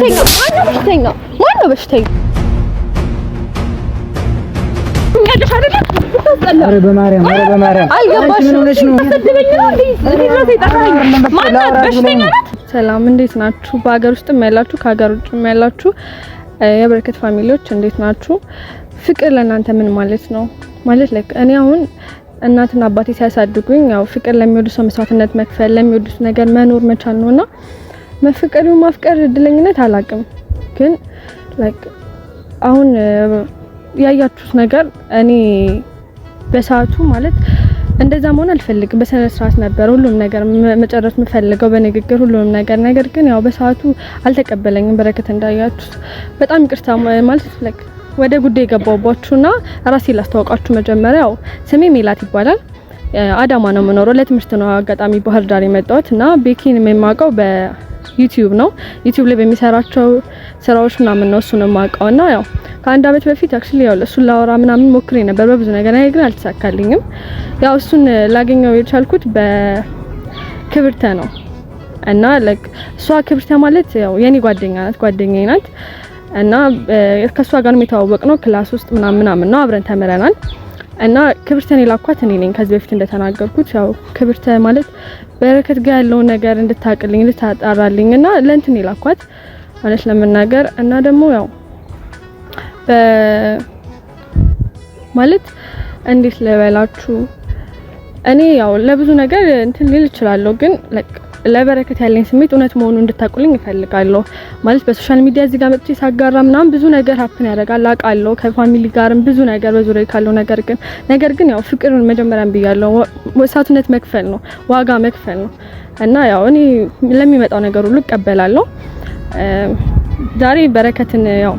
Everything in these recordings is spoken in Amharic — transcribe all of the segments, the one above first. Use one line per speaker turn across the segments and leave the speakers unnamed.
በሽተኛው? ማነው በሽተኛው? ማነው ሰላም እንዴት ናችሁ? በሀገር ውስጥም ያላችሁ ከሀገር ውጭም ያላችሁ የበረከት ፋሚሊዎች እንዴት ናችሁ? ፍቅር ለእናንተ ምን ማለት ነው? ማለት ላይ እኔ አሁን እናትና አባቴ ሲያሳድጉኝ ያው ፍቅር ለሚወዱ ሰው መስዋዕትነት መክፈል ለሚወዱት ነገር መኖር መቻል ነውና መፈቀዱ ማፍቀር እድለኝነት አላውቅም፣ ግን ላይክ አሁን ያያችሁት ነገር እኔ በሰዓቱ ማለት እንደዛ መሆን አልፈልግም። በስነ ስርዓት ነበር ሁሉም ነገር መጨረስ የምፈልገው በንግግር ሁሉም ነገር። ነገር ግን ያው በሰዓቱ አልተቀበለኝም። በረከት እንዳያችሁት በጣም ይቅርታ ማለት ለክ ወደ ጉዳይ የገባባችሁና ራሴ ላስተዋውቃችሁ። መጀመሪያ ያው ስሜ ሜላት ይባላል። አዳማ ነው የምኖረው። ለትምህርት ነው አጋጣሚ ባህር ዳር የመጣሁት እና ቤኪን የማውቀው በ ዩቲዩብ ነው። ዩቲዩብ ላይ በሚሰራቸው ስራዎች ምናምን ነው እሱን የማውቀው እና ያው ከአንድ አመት በፊት አክቹሊ ያው እሱን ላወራ ምናምን ሞክሬ ነበር በብዙ ነገር፣ ነገር ግን አልተሳካልኝም። ያው እሱን ላገኘው የቻልኩት በክብርተ ነው እና እሷ ክብርተ ማለት ያው የኔ ጓደኛ ናት፣ ጓደኛዬ ናት እና ከእሷ ጋር የተዋወቅ ነው ክላስ ውስጥ ምናምን ምናምን ነው አብረን ተምረናል። እና ክብርተን የላኳት እኔ ነኝ። ከዚህ በፊት እንደተናገርኩት ያው ክብርተ ማለት በረከት ጋር ያለውን ነገር እንድታቅልኝ እንድታጣራልኝ እና ለእንትን የላኳት ማለት ለመናገር እና ደግሞ ያው ማለት እንዴት ልበላችሁ እኔ ያው ለብዙ ነገር እንትን ሊል እችላለሁ ግን ለበረከት ያለኝ ስሜት እውነት መሆኑ እንድታቁልኝ እፈልጋለሁ። ማለት በሶሻል ሚዲያ እዚህ ጋር መጥቼ ሳጋራ ምናምን ብዙ ነገር ሀፕን ያደርጋል አውቃለሁ፣ ከፋሚሊ ጋርም ብዙ ነገር በዙሪያ ካለው ነገር ግን ነገር ግን ያው ፍቅርን መጀመሪያም ብያለሁ፣ እሳትነት መክፈል ነው፣ ዋጋ መክፈል ነው እና ያው እኔ ለሚመጣው ነገር ሁሉ እቀበላለሁ። ዛሬ በረከትን ያው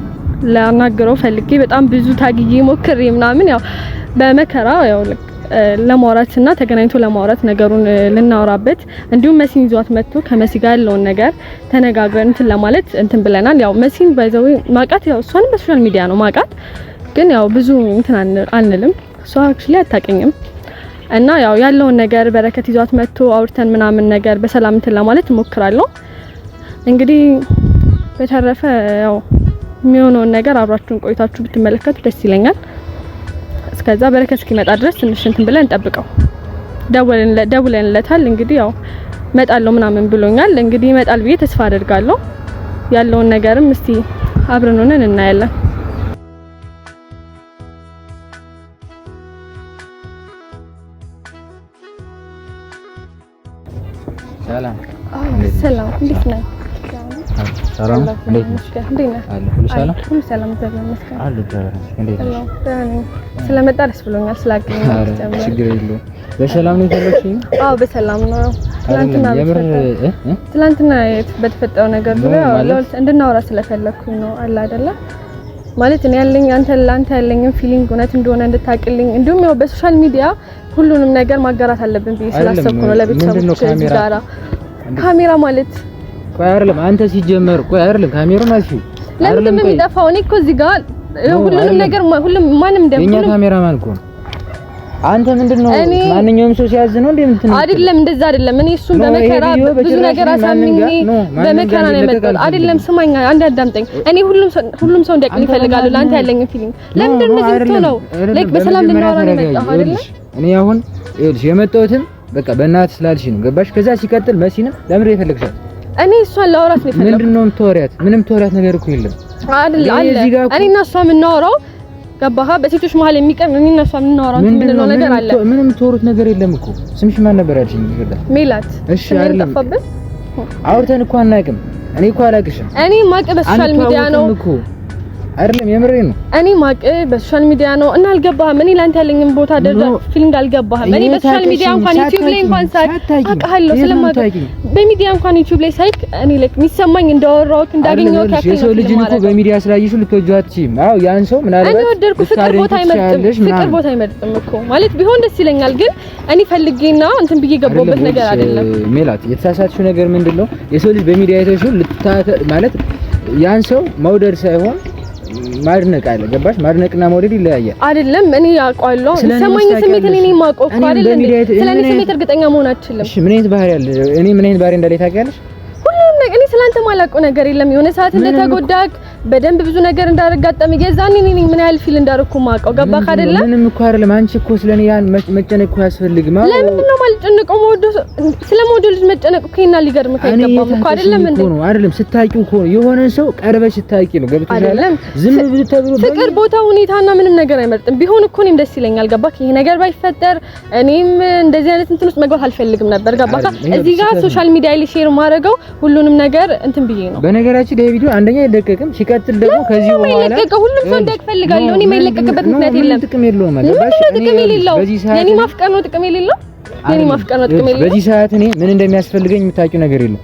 ላናግረው ፈልጌ በጣም ብዙ ታግዬ ሞክሬ ምናምን ያው በመከራ ያው ለማውራት እና ተገናኝቶ ለማውራት ነገሩን ልናወራበት እንዲሁም መሲን ይዟት መጥቶ ከመሲ ጋር ያለውን ነገር ተነጋግረን እንትን ለማለት እንትን ብለናል። ያው መሲን ባይዘው ማቃት ያው እሷን በሶሻል ሚዲያ ነው ማቃት፣ ግን ያው ብዙ እንትን አንልም። እሷ አክቹሊ አታውቅኝም። እና ያው ያለውን ነገር በረከት ይዟት መጥቶ አውርተን ምናምን ነገር በሰላም እንትን ለማለት እሞክራለሁ። እንግዲህ በተረፈ ያው የሚሆነውን ነገር አብራችሁን ቆይታችሁ ብትመለከቱ ደስ ይለኛል። እስከዛ በረከት እስኪመጣ ድረስ ትንሽ እንትን ብለን እንጠብቀው። ደውለንለታል እንግዲህ ያው መጣለው ምናምን ብሎኛል። እንግዲህ ይመጣል ብዬ ተስፋ አደርጋለሁ። ያለውን ነገርም እስቲ አብረን ሆነን እናያለን። ሰላም ሰላም፣ እንዴት ነህ?
ሰላም እንዴት ነሽ?
ስለመጣ ደስ ብሎኛል
ችግር የለውም። በሰላም ነው የፈለግሽኝ?
አዎ በሰላም ነው። ትናንትና በተፈጠረው ነገር እንድናወራ ስለፈለግኩኝ ነው። አለ አይደለ ማለት እኔ ያለኝ አንተ ለአንተ ያለኝም ፊሊንግ እውነት እንደሆነ እንድታቅልኝ እንዲሁም ያው በሶሻል ሚዲያ ሁሉንም ነገር ማጋራት አለብን ብዬ ስላሰብኩ ነው ለቤተሰቦች ጋራ ካሜራ ማለት
ቆይ አይደለም አንተ ሲጀመር ቆይ አይደለም ካሜራውን አጥፊ
ለምን የሚጠፋው? እኔ እኮ እዚህ ጋር ሁሉንም ነገር ሁሉም ማንም
ደም እኛ ካሜራ ማልኩ አንተ ምንድነው? ማንኛውም ሰው ሲያዝ ነው እንዴ?
እንትን አይደለም፣ እንደዛ አይደለም። እኔ እሱን በመከራ ብዙ ነገር አሳምኝ በመከራ ነው የመጣሁት። አይደለም፣ ስማኝ፣ አንድ አዳምጠኝ። እኔ ሁሉም ሁሉም ሰው እንዲያውቅልኝ ይፈልጋሉ ለአንተ ያለኝ ፊሊንግ ለምንድን ነው ዝም ነው? ላይክ በሰላም ልናወራ ነው የመጣሁት
አይደል? እኔ አሁን ይኸውልሽ የመጣሁትም በቃ በእናትህ ስላልሽ ነው። ገባሽ? ከዛ ሲቀጥል መሲንም ለምንድን ነው የፈለግሻት?
እኔ እሷን ላወራት ነው
የፈለኩት። ምንድን ነው የምታወሪያት? ምንም ተወሪያት ነገር እኮ የለም
አይደል? አለ እኔ እና እሷ የምናወራው ገባህ? በሴቶች መሀል የሚቀርብ እኔ እና እሷ የምናወራው ምንድን ነው ነገር አለ።
ምንም ተወሩት ነገር የለም እኮ። ስምሽ ማን ነበር ያልሽኝ?
ሜላት። እሺ አይደለም
አውርተን እኮ አናውቅም። እኔ እኮ አላውቅሽም።
እኔ የማውቅህ በሶሻል ሚዲያ ነው
አይደለም የምሬ ነው።
እኔ ማቅ በሶሻል ሚዲያ ነው እና አልገባህም። እኔ ላንተ ያለኝም ቦታ ደረጃ ፊሊንግ አልገባህም። እኔ በሶሻል ሚዲያ እንኳን ዩቲዩብ ላይ እንኳን ሳይ አውቃለሁ ስለማውቅ በሚዲያ እንኳን ዩቲዩብ ላይ ሳይክ እኔ ለክ የሚሰማኝ እንዳወራሁት እንዳገኘው
ነው። ሰው ልጅ እኮ በሚዲያ ስላየሽው ልትወጂው አትችይም። አዎ ያን ሰው ምን
አለበት እኔ ወደድኩ ፍቅር ቦታ አይመርጥም። ፍቅር ቦታ አይመርጥም እኮ ማለት ቢሆን ደስ ይለኛል፣ ግን እኔ ፈልጌና እንትን ብዬ ገባሁበት
ነገር አይደለም። ሜላት የተሳሳትሽው ነገር ምንድነው? የሰው ልጅ በሚዲያ ልታ ማለት ያን ሰው መውደድ ሳይሆን ማድነቅ አለ። ገባሽ? ማድነቅና መውደድ ይለያያል
አይደለም? እኔ ያውቀዋለሁ። ሰማኝ ስሜት እኔ ነኝ የማውቀው እኮ አይደለም። ስለኔ ስሜት እርግጠኛ መሆን አትችልም።
እሺ፣ ምን አይነት ባህሪ አለ? እኔ ምን አይነት ባህሪ እንዳለ ታውቂያለሽ?
ሁሉም ነገር እኔ ስላንተ ማላውቀው ነገር የለም። የሆነ ሰዓት እንደተጎዳክ በደንብ ብዙ ነገር እንዳረጋጠም የዛኔ እኔ ምን ያህል ፊል እንዳደረኩ ማውቀው ገባህ አይደለ?
ምንም እኮ አይደለም። አንቺ እኮ ስለኔ ያን መጨነቅ እኮ አያስፈልግም።
ለምንድን ነው የማልጨነቀው? መወደው ስለመወደው ልጅ መጨነቅ እኮ ይሄን ሊገርምህ አይገባም እኮ አይደለም
እንዴ? ነው አይደለም። ስታቂው እኮ የሆነ ሰው ቀርበሽ ስታቂ ነው ገብቶሻል አይደለም?
ዝም ብሎ ተብሎ ፍቅር ቦታ ሁኔታና ምንም ነገር አይመርጥም። ቢሆን እኮ እኔም ደስ ይለኛል። ገባህ? ይሄ ነገር ባይፈጠር እኔም እንደዚህ አይነት እንትን ውስጥ መግባት አልፈልግም ነበር። ገባህ? እዚህ ጋር ሶሻል ሚዲያ ላይ ሼር ማድረገው ሁሉንም ነገር እንትን ብዬ
ነው። በነገራችን ይሄ ቪዲዮ አንደኛ አይደቀቅም ሲቀጥል ደግሞ
ከዚህ በኋላ ሁሉም ሰው ፈልጋለሁ። እኔ የማይለቀቅበት
ምክንያት የለም። ጥቅም የለውም
ማለት ነው። ጥቅም የሌለው የኔ ማፍቀር ነው። ጥቅም የሌለው የኔ ማፍቀር ነው። ጥቅም
የሌለው በዚህ ሰዓት እኔ ምን እንደሚያስፈልገኝ የምታውቂው ነገር የለም።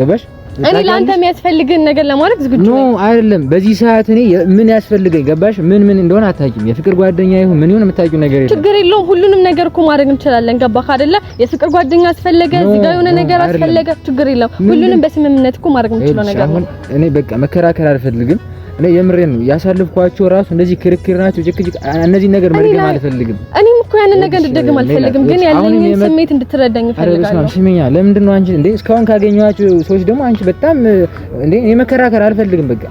ገባሽ?
እኔ ለአንተ የሚያስፈልግህን ነገር ለማድረግ
ዝግጁ ነኝ። አይደለም በዚህ ሰዓት እኔ ምን ያስፈልገኝ ገባሽ? ምን ምን እንደሆነ አታውቂም። የፍቅር ጓደኛ ይሁን ምን ይሁን የምታውቂው ነገር የለም።
ችግር የለውም። ሁሉንም ነገር እኮ ማድረግ እንችላለን። ገባህ አይደለ? የፍቅር ጓደኛ አስፈለገ፣ እዚህ ጋር የሆነ ነገር አስፈለገ፣ ችግር የለውም። ሁሉንም በስምምነት እኮ ማድረግ የምንችለው ነገር አሁን
እኔ በቃ መከራከር አልፈልግም። እኔ የምሬን ነው ያሳልፍኳቸው ራሱ እንደዚህ ክርክር ናቸው፣ ጭቅጭቅ እነዚህ ነገር መድገም አልፈልግም።
እኔም እኮ ያንን ነገር እንድደግም አልፈልግም፣ ግን ያለኝን ስሜት እንድትረዳኝ
እፈልጋለሁ። ስሚኛ፣ ለምንድን ነው አንቺ እንዴ እስካሁን ካገኘኋቸው ሰዎች ደግሞ አንቺ በጣም እንዴ የመከራከር አልፈልግም። በቃ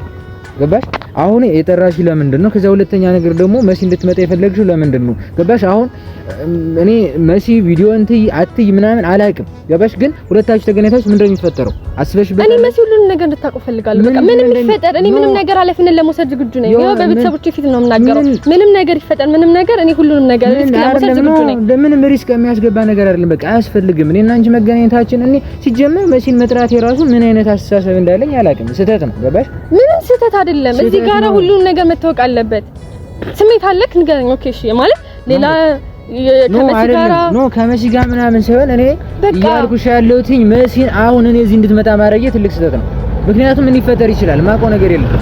ገባሽ? አሁን የጠራሽ ለምንድን ነው? ከዛ ሁለተኛ ነገር ደግሞ መሲ እንድትመጣ የፈለግሽው ለምንድን ነው? ገባሽ? አሁን እኔ መሲ ቪዲዮ እንትይ አትይ ምናምን አላውቅም። ገባሽ? ግን ሁለታችሁ ተገናኝታችሁ ምንድን ነው የሚፈጠረው?
አስበሽበት። እኔ መሲ ሁሉን ነገር እንድታውቀው እፈልጋለሁ። በቃ ምንም ይፈጠር፣ እኔ ምንም ነገር አለፍን ለመውሰድ ዝግጁ ነኝ። ይሄው በቤተሰቦቼ ፊት ነው የምናገረው። ምንም ነገር ይፈጠር፣ ምንም ነገር እኔ ሁሉንም ነገር
ሪስክ ለመውሰድ ዝግጁ ነኝ። ምንም ሪስክ የሚያስገባ ነገር አይደለም። በቃ አያስፈልግም። እኔ እና አንቺ መገናኘታችን እኔ ሲጀምር መሲን መጥራት የራሱ ምን አይነት አስተሳሰብ እንዳለኝ አላውቅም። ስህተት ነው። ገባሽ?
ምንም ስህተት አይደለም እዚህ በጋራ ሁሉን ነገር መታወቅ አለበት። ስሜት አለክ ንገረኝ። ኦኬ እሺ። ማለት ሌላ
ከመሲ ጋራ ኖ ከመሲ ጋር ምናምን ሳይሆን እኔ እያልኩሽ ያለሁትኝ መሲን አሁን እኔ እዚህ እንድትመጣ ማድረጌ ትልቅ ስህተት ነው። ምክንያቱም ምን ሊፈጠር ይችላል? ማቆ ነገር የለም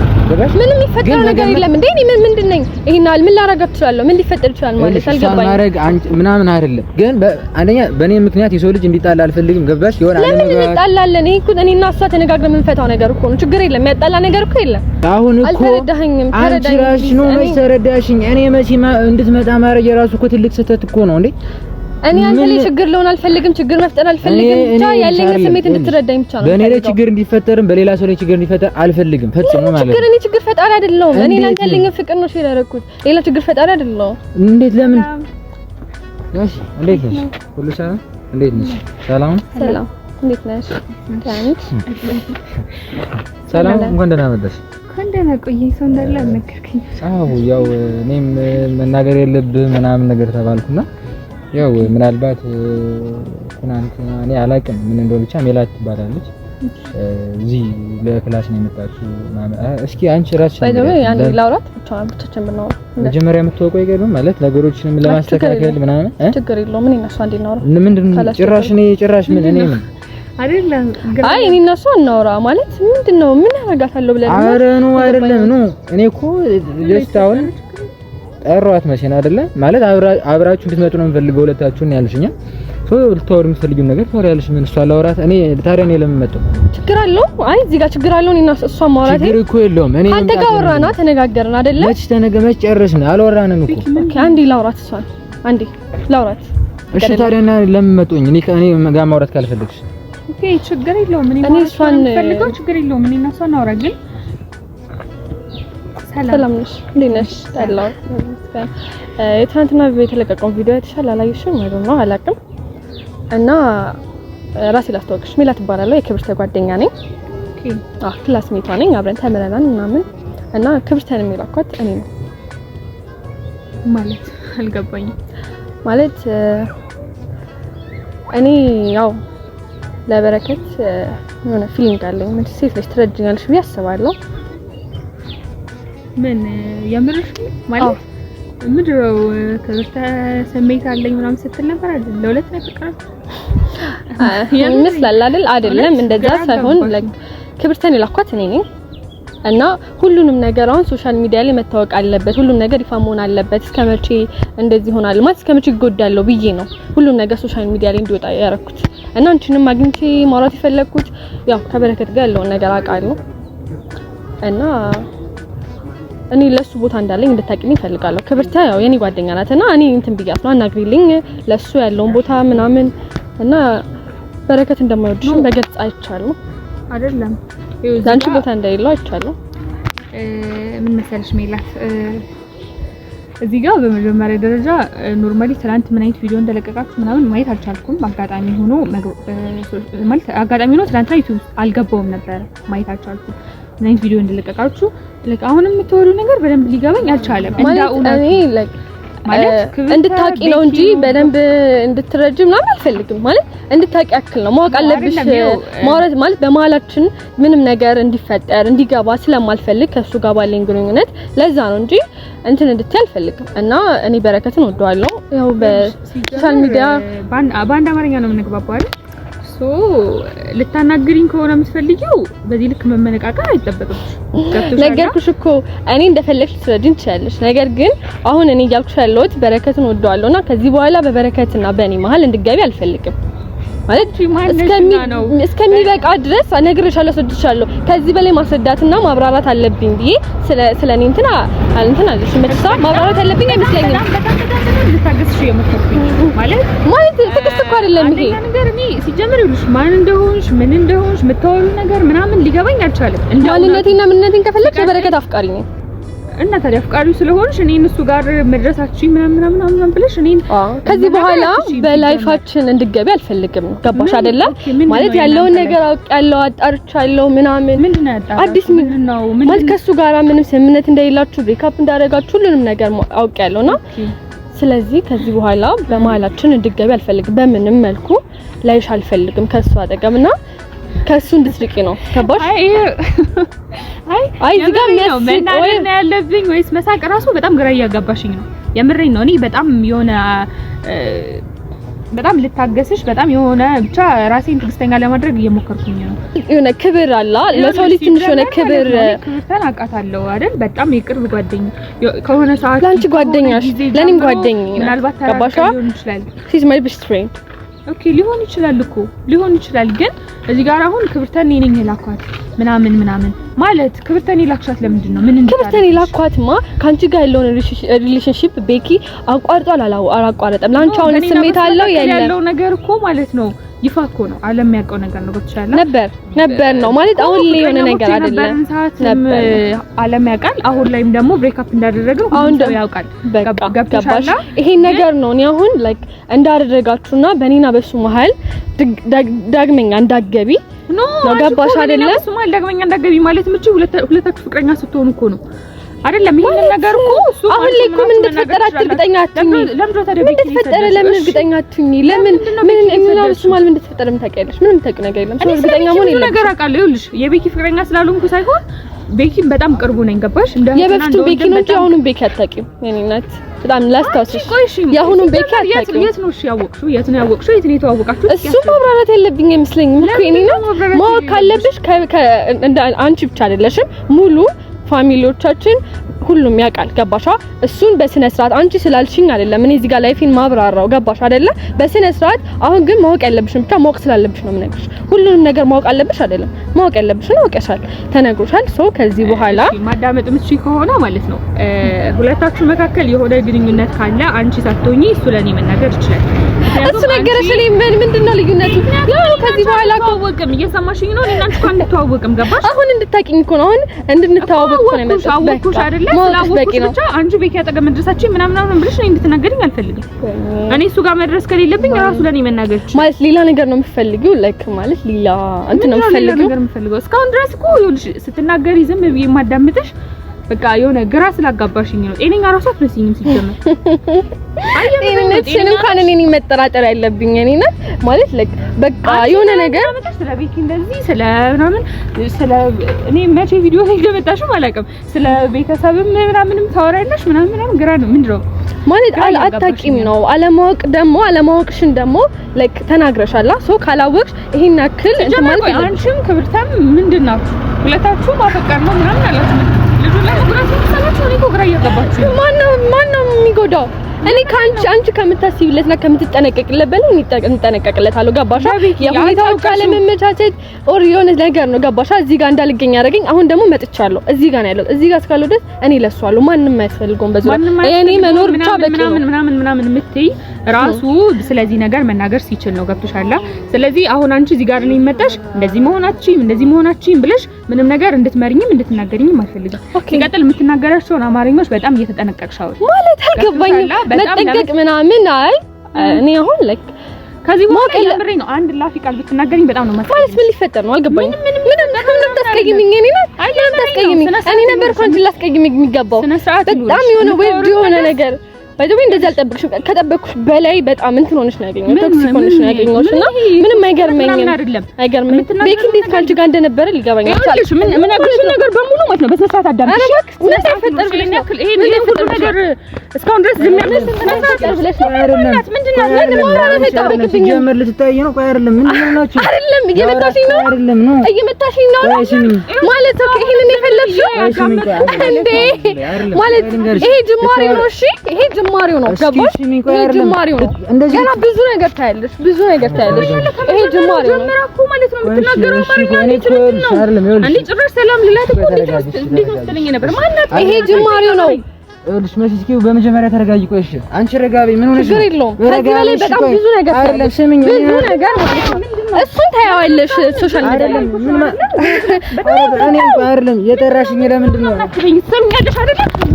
ምንም የሚፈጠር ነገር የለም እንዴ? እኔ ምን ምንድን ነኝ? ይሄን አል ምን ላደርግ እችላለሁ? ምን ሊፈጠር ይችላል ማለት
አልገባኝም። ማረግ ምናምን አይደለም ግን አንደኛ በእኔ ምክንያት የሰው ልጅ እንዲጣላ አልፈልግም። ገባሽ?
የሆነ አለ ለምን እንጣላለን? ይሄ እኮ እኔና እሷ ተነጋግረን የምንፈታው ነገር እኮ ነው። ችግር የለም። የሚያጣላ ነገር እኮ የለም።
አሁን እኮ አልተረዳኸኝም። ተረዳኝ ነው መች እኔ መቼ እንድትመጣ ማድረግ የራሱ እኮ ትልቅ ስህተት እኮ ነው እንዴ
እኔ አንተ ላይ ችግር ልሆን አልፈልግም፣ ችግር መፍጠር አልፈልግም። ብቻ ያለኝ ስሜት እንድትረዳኝ ብቻ
ነው። በእኔ ላይ ችግር እንዲፈጠርም በሌላ ሰው ላይ ችግር እንዲፈጠር አልፈልግም
ፈጽሞ ማለት ችግር እኔ ችግር ፈጣሪ አይደለሁም። እኔ ለአንተ ያለኝ ፍቅር ነው ያደረኩት፣ ሌላ ችግር ፈጣሪ አይደለሁም።
እንዴት ለምን? እሺ፣ እንዴት ነሽ? ሁሉ ሰላም? እንዴት ነሽ? ሰላም
ሰላም። እንዴት ነሽ?
ሰላም። እንኳን ደህና መጣሽ።
እንደና ቆየኝ። ሰው እንዳለ አልነገርከኝም።
አዎ፣ ያው እኔም መናገር የለብህ ምናምን ነገር ተባልኩና ያው ምናልባት ትናንትና እኔ አላውቅም ምን እንደሆነ ብቻ ሜላት ትባላለች። እዚህ ለክላስ ነው የመጣችው። እስኪ አንቺ ራስሽ
ላውራት ብቻችን
ብናወራ መጀመሪያ የምታወቀው ይገርም ማለት ነገሮችንም ለማስተካከል ምናምን
ችግር የለውም። እኔ እና እሷ እንዴት እናውራ?
ምንድን ነው ጭራሽ እኔ ጭራሽ ምን እኔ ምን
አይደለም አይ እኔ እና እሷ እናውራ ማለት ምንድን ነው ምን አደርጋታለሁ
ብለን ኧረ ኑ አይደለም ኑ እኔ እኮ ጀስት አሁን ጠሯት መቼን አይደለ ማለት አብራችሁ እንድትመጡ ነው የምፈልገው ሁለታችሁን ያልሽኛ ሶ ልታወሪ የምትፈልጊውን ነገር ታወሪያለሽ። ምን እሷ ላወራት እኔ ታዲያ ነው ለምን መጣሁ?
ችግር አለው? አይ እዚህ ጋር ችግር አለው። እኔና እሷ ማውራት
ችግር እኮ የለውም።
እኔ አንተ ጋር አወራና ተነጋገርን አይደለ?
መች ተነገ መች ጨረስን? አላወራንም እኮ
ኦኬ። አንዴ ላውራት እሷ አንዴ ላውራት።
እሺ ታዲያ እና ለምን መጡኝ? እኔ ከእኔ ጋር ማውራት ካልፈልግሽ
ኦኬ፣ ችግር የለውም። እኔ እሷን ፈልገው ችግር የለውም። እኔና እሷ እናውራ ግን ሰላም ነሽ? እንዴት ነሽ? ጠላው የትናንትና የተለቀቀውን ቪዲዮ አይተሻል? አላየሽም? አይደል ነው አላውቅም። እና ራሴ ላስተዋወቅሽ ሜላት እባላለሁ። የክብርተ ጓደኛ ነኝ። አዎ ክላስሜቷ ነኝ። አብረን ተምረናል ምናምን እና ክብርተን የሚላኳት እኔ ነው ማለት አልገባኝም። ማለት እኔ ያው ለበረከት የሆነ ፊሊንግ አለኝ። ምን ሴት ልጅ ትረጅኛለሽ ብዬ አስባለሁ ምን የምርሽ ማለት ምድረው ከበስተ ስሜት አለኝ ምናምን ስትል ነበር አይደል? ለሁለት ላይ ፍቅር ይመስላል አይደል? አይደለም እንደዛ ሳይሆን ክብርተን የላኳት እኔ ነኝ። እና ሁሉንም ነገር አሁን ሶሻል ሚዲያ ላይ መታወቅ አለበት፣ ሁሉም ነገር ይፋ መሆን አለበት። እስከ መቼ እንደዚህ ይሆናል ማለት እስከ መቼ ይጎዳለሁ ብዬ ነው ሁሉም ነገር ሶሻል ሚዲያ ላይ እንዲወጣ ያደረኩት። እና አንቺንም አግኝቼ ማውራት የፈለኩት ያው ከበረከት ጋር ያለውን ነገር አውቃለሁ እና እኔ ለሱ ቦታ እንዳለኝ እንድታቂልኝ ፈልጋለሁ። ክብርታ ያው የኔ ጓደኛ ናት እና እኔ እንትን ብያት ነው አናግሪልኝ ለሱ ያለውን ቦታ ምናምን እና በረከት እንደማይወድሽም በግልጽ አይቻለሁ። አይደለም ለአንቺ ቦታ እንደሌለው አይቻለሁ። ምን መሰለሽ ሜላት፣ እዚህ ጋር በመጀመሪያ ደረጃ ኖርማሊ ትናንት ምን አይነት ቪዲዮ እንደለቀቃችሁ ምናምን ማየት አልቻልኩም። አጋጣሚ ሆኖ ማለት አጋጣሚ ሆኖ ትናንትና ዩቲዩብ አልገባውም ነበረ ማየት አልቻልኩም። ምን ቪዲዮ እንደለቀቃችሁ ለቃ አሁን የምትወዱ ነገር በደንብ ሊገባኝ አልቻለም። እኔ እንድታቂ ነው እንጂ በደንብ እንድትረጅ ምናምን አልፈልግም። ማለት እንድታቂ ያክል ነው ማወቅ አለብሽ። ማውራት ማለት በመሀላችን ምንም ነገር እንዲፈጠር እንዲገባ ስለማልፈልግ ከሱ ጋር ባለኝ ግንኙነት ለዛ ነው እንጂ እንትን እንድትይ አልፈልግም። እና እኔ በረከትን ወደዋለሁ። ያው በሶሻል ሚዲያ በአንድ አማርኛ ነው የምንግባባው አይደል? ሶ ልታናግሪኝ ከሆነ የምትፈልጊው በዚህ ልክ መመነቃቀር አይጠበቅም። ነገርኩሽ እኮ እኔ እንደፈለግሽ ትረጂኝ ትችያለሽ። ነገር ግን አሁን እኔ እያልኩሽ ያለሁት በረከትን ወደዋለሁና ከዚህ በኋላ በበረከትና በእኔ መሀል እንድገቢ አልፈልግም። ማለት እስከሚበቃ ድረስ እነግርሻለሁ፣ አስወድሻለሁ። ከዚህ በላይ ማስረዳትና ማብራራት አለብኝ ብዬ ስለ ስለ እኔ እንትን አልንትን አለሽ መጥታ ማብራራት አለብኝ አይመስለኝም። ማለት ማለት ትዕግስት እኮ አይደለም ይሄ ነገር። እኔ ሲጀምር ይሉሽ ማን እንደሆንሽ ምን እንደሆንሽ የምታወሪው ነገር ምናምን ሊገባኝ አልቻለም። ማንነቴና ምንነቴን ከፈለግሽ የበረከት አፍቃሪ ነኝ። እና ታዲያ አፍቃሪ ስለሆንሽ እኔን እሱ ጋር መድረሳችን ምናምን ምናምን ብለሽ እኔን ከዚህ በኋላ በላይፋችን እንድገቢ አልፈልግም። ገባሽ አይደለ? ማለት ያለውን ነገር ያለው አጣርቻ ያለው ምናምን አዲስ ነው ማለት ከሱ ጋራ ምንም ስምምነት እንደሌላችሁ ብሬክአፕ እንዳደረጋችሁ ሁሉንም ነገር አውቄያለሁ ያለውና ስለዚህ ከዚህ በኋላ በመሀላችን እንድገቢ አልፈልግም። በምንም መልኩ ላይሽ አልፈልግም ከሱ አጠገብና ከሱ እንድትርቂ ነው። ከባሽ አይ አይ ዝጋ ጋር ነው ያለብኝ ወይስ መሳቅ ራሱ በጣም ግራ እያጋባሽኝ ነው። የምሬኝ ነው። እኔ በጣም የሆነ በጣም ልታገስሽ በጣም የሆነ ብቻ ራሴን ትዕግስተኛ ለማድረግ እየሞከርኩኝ ነው። የሆነ ክብር አለ ለሰው ልጅ ትንሽ የሆነ ክብር ክብርታን አውቃታለሁ አይደል? በጣም የቅርብ ጓደኛ ከሆነ ሰዓት ላንቺ ጓደኛሽ ለኔም ጓደኛዬ ምናልባት ሊሆን ይችላል። ሺዝ ማይ ቤስት ፍሬንድ ኦኬ ሊሆን ይችላል እኮ ሊሆን ይችላል። ግን እዚህ ጋር አሁን ክብርተን እኔ ነኝ የላኳት ምናምን ምናምን ማለት ክብርተን የላክሻት ለምንድን ነው? ምን ክብርተን የላኳትማ ከአንቺ ጋር ያለውን ሪሌሽንሺፕ ቤኪ አቋርጧል አላቋረጠም። ላንቺ አሁን ስሜት አለው ያለው ነገር እኮ ማለት ነው ይፋ እኮ ነው ዓለም የሚያውቀው ነገር ነው። ብቻላ ነበር ነበር ነው ማለት አሁን ላይ የሆነ ነገር አይደለም ነበር ዓለም ያውቃል። አሁን ላይም ደግሞ ብሬክአፕ እንዳደረገው አሁን ደግሞ ያውቃል። ገባሽ? ይሄን ነገር ነው እኔ አሁን ላይክ እንዳደረጋችሁና በኔና በሱ መሀል ዳግመኛ እንዳገቢ ነው ገባሽ አይደለም? ዳግመኛ እንዳገቢ ማለት ምቺ ሁለታችሁ ፍቅረኛ ስትሆኑ እኮ ነው አይደለም። ይሄን ነገር እኮ አሁን ላይ እኮ ምን እንደተፈጠረ እርግጠኛ አትሁኚ። ምን እንደተፈጠረ ለምን እርግጠኛ አትሁኚ። ለምን ምን እምላው ስማል ምን እንደተፈጠረ ምን ታውቂያለሽ? ምንም ታውቂ ነገር የለም። ሰው እርግጠኛ መሆን የለም ነገር አውቃለሁ። ይኸውልሽ የቤኪ ፍቅረኛ ስላልሆንኩ ሳይሆን ቤኪን በጣም ቅርቡ ነኝ። ገባሽ? የበፊቱ ቤኪ ነው እንጂ አሁኑን ቤኪ አታውቂም። የእኔ እናት በጣም ላስታውስሽ፣ የአሁኑን ቤኪ አታውቂም። የት ነው እሺ? ያወቅሽው የት ነው ያወቅሽው? የት ነው የተዋወቃችሁ? እሱ ማብራራት ያለብኝ አይመስለኝም እኮ የእኔ እናት። ማወቅ ካለብሽ አንቺ ብቻ አይደለሽም ሙሉ ፋሚሊዎቻችን ሁሉም ያውቃል። ገባሻ? እሱን በስነ ስርዓት አንቺ ስላልሽኝ አይደለም እኔ እዚህ ጋር ላይፊን ማብራራው። ገባሻ አይደለ? በስነ ስርዓት አሁን ግን ማወቅ ያለብሽ ብቻ ማወቅ ስላለብሽ ነው የምነግርሽ። ሁሉንም ነገር ማወቅ አለብሽ አይደለም። ማወቅ ያለብሽ ነው አውቀሻል፣ ተነግሮሻል። ሶ ከዚህ በኋላ ማዳመጥ የምትችይ ከሆነ ማለት ነው ሁለታችሁ መካከል የሆነ ግንኙነት ካለ አንቺ ሳትሆኚ እሱ ለኔ መናገር ይችላል። እሱ ነገረሽ። እኔ ምን ምንድነው ልዩነቱ? ያው ከዚህ በኋላ እኮ አወቅም። እየሰማሽኝ ነው? እኔና አንቺ እንድትዋወቅም ገባሽ? አሁን እንድታቂኝ እኮ ነው። አሁን እንድንተዋወቅ ነው የመጣሁት። አወቅኩሽ አይደለ? ስላወቅኩሽ ብቻ አንቺ ቤት ያጠገብ መድረሳችን ምናምን ምናምን ብለሽ እኔ እንድትናገሪኝ አልፈልግም። እኔ እሱ ጋር መድረስ ከሌለብኝ ራሱ ለኔ መናገር ማለት ሌላ ነገር ነው የምፈልጊው። ላይክ ማለት ሌላ እንትን ነው የምፈልገው። እስካሁን ድረስ እኮ ይኸውልሽ ስትናገሪ ዝም ብዬ የማዳምጥሽ በቃ የሆነ ግራ ስላጋባሽኝ ነው። ጤነኛ ራሱ አትመስኝም ሲጀመር። ጤንነትሽን እንኳን እኔ ነኝ መጠራጠር ያለብኝ እኔ ነኝ ማለት ለክ በቃ የሆነ ነገር ስለ ቤኪ እንደዚህ ስለ ምናምን ስለ እኔ መቼ ቪዲዮ ላይ እንደመጣሽም አላውቅም። ስለ ቤተሰብም ምናምንም ታወራለሽ ምናምን ምናምን ግራ ነው ነው ማለት አታውቂም ነው አለማወቅ ደግሞ አለማወቅሽን ደግሞ ላይክ ተናግረሻላ። ሶ ካላወቅሽ ይሄን ያክል እንትን ማለት አንቺም ክብርታም ምንድን ናት ሁለታችሁም ማፈቀር ነው ምናምን አላችሁ ማነው የሚጎዳው? እኔ ከአንቺ አንቺ ከምታስቢለትና ከምትጠነቀቅለት በላይ እንጠነቀቅለታለሁ። ገባሽ? የሁኔታው ካለመመቻቸት ኦር የሆነ ነገር ነው። ገባሽ? እዚህ ጋር እንዳልገኝ አደረገኝ። አሁን ደግሞ መጥቻለሁ። እዚህ ጋር ነው ያለሁት። እዚህ ጋር እስካለሁ ድረስ እኔ ለሷለሁ። ማንም አያስፈልገውም። በዙሪያ እኔ መኖር ብቻ በቂ ነው። ምናምን ምናምን ምናምን የምትይ ራሱ ስለዚህ ነገር መናገር ሲችል ነው። ገብቶሻል። ስለዚህ አሁን አንቺ እዚህ ጋር ነው መጣሽ፣ እንደዚህ መሆናችሁም እንደዚህ መሆናችሁም ብለሽ ምንም ነገር እንድትመሪኝም እንድትናገሪኝም አልፈልግም። ሲቀጥል የምትናገራቸውን አማርኞች በጣም እየተጠነቀቅሽ አውሪ ማለት አልገባኝም። መጠንቀቅ ምናምን አይ እኔ አሁን ላይክ ከዚህ በኋላ ያምሬ ነው አንድ ላፊ ቃል ብትናገሪኝ በጣም ነው ማለት ማለት ምን ሊፈጠር ነው አልገባኝም። ምንም ምንም ምንም ታስቀይሚኝ እኔ ነው አይ ታስቀይሚኝ እኔ ነበር ኮንት ላስቀይሚኝ የሚገባው በጣም የሆነ ወይ የሆነ ነገር ወይ እንደዚህ አልጠበቅሽም። ከጠበቅሽ በላይ በጣም እንትን ሆነሽ ነው ያገኘሁት፣ ቶክሲክ ሆነሽ ነው ያገኘሁት እና ምንም አይገርመኝም፣ አይገርመኝም። ቤኪ እንዴት ካልች ጋር እንደነበረ ሊገባኝ አልቻልሽ። ምን ምን አግሪሽን ነገር በሙሉ ማለት ነው በስነ ስርዓት አዳምጥሽ። ምን ተፈጠር ብለሽ ነው ይሄ ምን ተፈጠር ነገር እስካሁን ድረስ ዝም ያለሽ ምን ተፈጠር ብለሽ ነው? ምንድን ነው ምን ማውራት
ጀመር ልትታየኝ ነው። ቆይ አይደለም ምን ነው ናችሁ?
አይደለም እየመታሽኝ ነው፣ አይደለም ነው እየመታሽኝ ነው ማለት ነው። ይሄንን የፈለግሽው እንዴ ማለት ይሄ ጅማሬ ነው። እሺ ይሄ ጅማሬው ነው። ገባሽ? ይሄ ጅማሬው ነው። ገና ብዙ ነገር ታያለሽ፣ ብዙ ነገር ታያለሽ። ይሄ ጅማሬው ነው ማለት ነው። የምትናገረው ጭራሽ ሰላም ነበር። ይሄ ጅማሬው ነው።
ልሽ እስኪ በመጀመሪያ ተረጋጊ። ቆይ እሺ፣ አንቺ ረጋቢ። ምን ሆነሽ?
ችግር የለውም። ከዚህ በጣም ብዙ ነገር አይደለም። ስሚኝ፣ ብዙ ነገር እሱን ታያዋለሽ። ሶሻል ሚዲያ አይደለም ምን
አይደለም የጠራሽኝ ለምንድን ነው?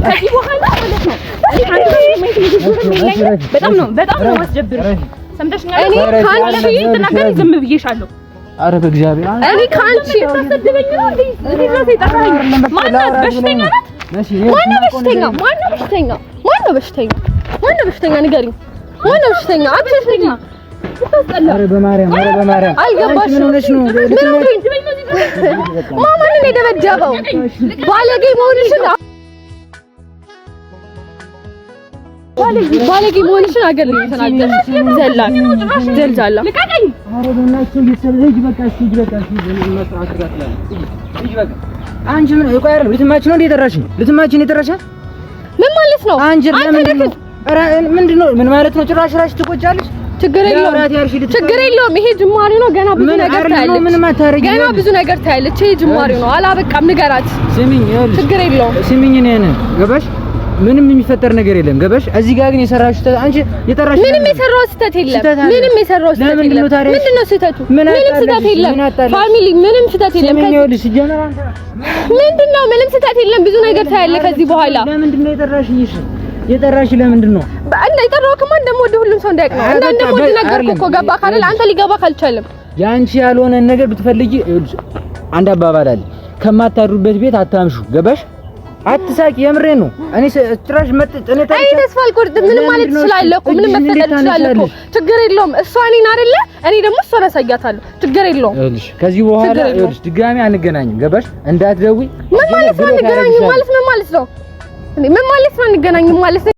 ከዚህ በኋላ ማለት ነው በጣም ነው በጣም ነው የማስደብርሽ። ሰምተሽኛል። እኔ ትናገሪ ዝም ብዬሻለሁ።
አረ በእግዚአብሔር
ነው እንዴ? በሽተኛ ማነው በሽተኛ? ማነው በሽተኛ? ማነው በሽተኛ? ንገሪኝ። ማነው በሽተኛ? አትሸሽኝ።
ኧረ አንቺ ምን ቆይ፣ አይደለም ልትማች ነው እንዴ? የጠራሽ ልትማች ነው የጠራሽ? ምን ማለት ነው? አንጀር ምንድን ነው? ምን ማለት ነው? ጭራሽ ራሽ ትቆጫለሽ።
ችግር የለውም፣ ችግር የለውም። ይሄ ጅማሬ ነው። ገና ብዙ ነገር ታያለች። ገና ብዙ ነገር ታያለች። ይሄ ጅማሬ ነው። አላበቃም። ንገራት። ስሚኝ፣ ችግር የለውም።
ስሚኝ፣ እኔን ገባሽ ምንም የሚፈጠር ነገር የለም። ገበሽ እዚህ ጋር ግን የሰራሽ ስህተት አንቺ የጠራሽ
ምንም የሰራው ስህተት የለም። ምንም የሰራው ስህተት የለም። ምንድነው ታዲያ? ምንድነው ስህተቱ? ምንም ስህተት የለም። ፋሚሊ ምንም ስህተት የለም። ከዚህ ምንድነው ምንም ስህተት የለም። ብዙ ነገር ታያለህ ከዚህ በኋላ።
ለምንድነው የጠራሽ? ይሽ የጠራሽ ለምንድን ነው?
እንደ የጠራሁክማ ደግሞ ወደ ሁሉም ሰው እንዳያውቅ ነው። እና ደግሞ ነገርኩህ እኮ ገባህ ካለ አንተ ሊገባህ አልቻለም።
ያንቺ ያልሆነ ነገር ብትፈልጊ አንድ አባባል አለ፣ ከማታድሩበት ቤት አታምሹ። ገባሽ አትሳቂ፣ የምሬ ነው። እኔ ጭራሽ መጥ
እኔ ተስፋ አልቆርጥም። ምንም ማለት ትችላለህ እኮ ምንም መፈጠር ትችላለህ እኮ ችግር የለውም። እሷ እኔን አይደለ እኔ ደግሞ እሷን አሳያታለሁ። ችግር የለውም።
ይኸውልሽ ከዚህ በኋላ ይኸውልሽ ድጋሚ አንገናኝም። ገባሽ? እንዳትደውይ።
ምን ማለት ነው አንገናኝም ማለት ምን ማለት ነው? ምን ማለት ነው አንገናኝም ማለት